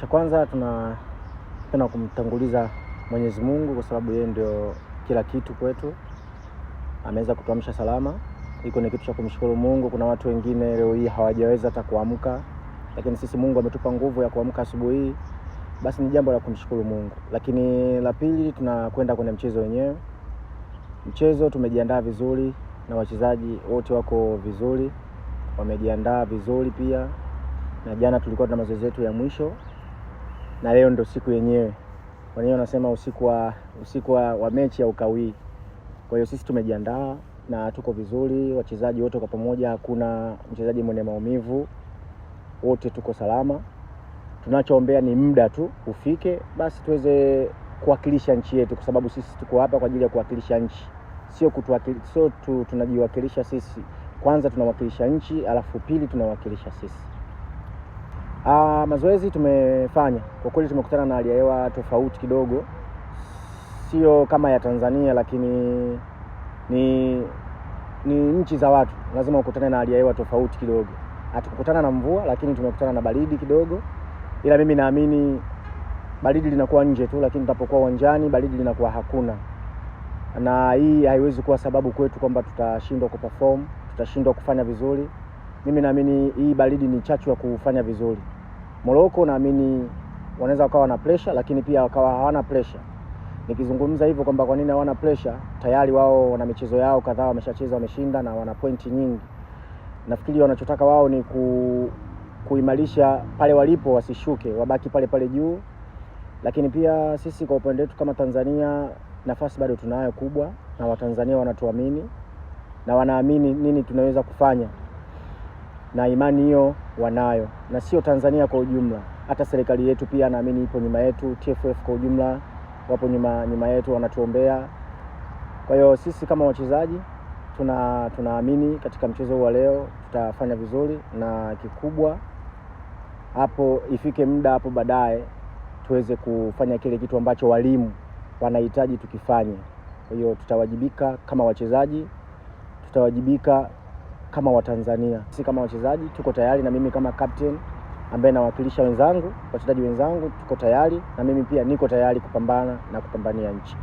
Cha kwanza tunapenda kumtanguliza Mwenyezi Mungu kwa sababu yeye ndio kila kitu kwetu, ameweza kutuamsha salama. Iko ni kitu cha kumshukuru Mungu. Kuna watu wengine leo hii hawajaweza hata kuamka, lakini sisi Mungu ametupa nguvu ya kuamka asubuhi hii, basi ni jambo la kumshukuru Mungu. Lakini la pili, tunakwenda kwenye mchezo wenyewe. Mchezo tumejiandaa vizuri na wachezaji wote wako vizuri, wamejiandaa vizuri pia, na jana tulikuwa tuna mazoezi yetu ya mwisho na leo ndo siku yenyewe. Wenyewe wanasema usiku wa usiku wa, wa mechi haukawii. Kwa hiyo sisi tumejiandaa na tuko vizuri, wachezaji wote kwa pamoja, hakuna mchezaji mwenye maumivu, wote tuko salama. Tunachoombea ni muda tu ufike, basi tuweze kuwakilisha nchi yetu, kwa sababu sisi tuko hapa kwa ajili ya kuwakilisha nchi, sio kutuwakilisha, sio tu tunajiwakilisha sisi. Kwanza tunawakilisha nchi, alafu pili tunawakilisha sisi. Ah, mazoezi tumefanya kwa kweli, tumekutana na hali ya hewa tofauti kidogo, sio kama ya Tanzania, lakini ni ni nchi za watu, lazima ukutane na hali ya hewa tofauti kidogo. Hatukukutana na mvua, lakini tumekutana na baridi kidogo, ila mimi naamini baridi linakuwa nje tu, lakini tunapokuwa uwanjani baridi linakuwa hakuna, na hii haiwezi kuwa sababu kwetu kwamba tutashindwa kuperform, tutashindwa kufanya vizuri. Mimi naamini hii baridi ni chachu ya kufanya vizuri. Morocco naamini wanaweza wakawa na pressure, lakini pia wakawa hawana pressure. Nikizungumza hivyo kwamba kwa nini hawana pressure, tayari wao wana michezo yao kadhaa wameshacheza, wameshinda na wana pointi nyingi. Nafikiri wanachotaka wao ni ku, kuimarisha pale walipo, wasishuke, wabaki pale pale juu. Lakini pia sisi kwa upande wetu kama Tanzania nafasi bado tunayo kubwa, na Watanzania wanatuamini na wanaamini nini tunaweza kufanya na imani hiyo wanayo, na sio Tanzania kwa ujumla, hata serikali yetu pia naamini ipo nyuma yetu, TFF kwa ujumla wapo nyuma, nyuma yetu wanatuombea. Kwa hiyo sisi kama wachezaji tuna tunaamini katika mchezo huu wa leo tutafanya vizuri, na kikubwa hapo ifike muda hapo baadaye tuweze kufanya kile kitu ambacho walimu wanahitaji tukifanye. Kwa hiyo tutawajibika kama wachezaji, tutawajibika kama Watanzania. Sisi kama wachezaji tuko tayari, na mimi kama captain ambaye nawakilisha wenzangu, wachezaji wenzangu, tuko tayari, na mimi pia niko tayari kupambana na kupambania nchi.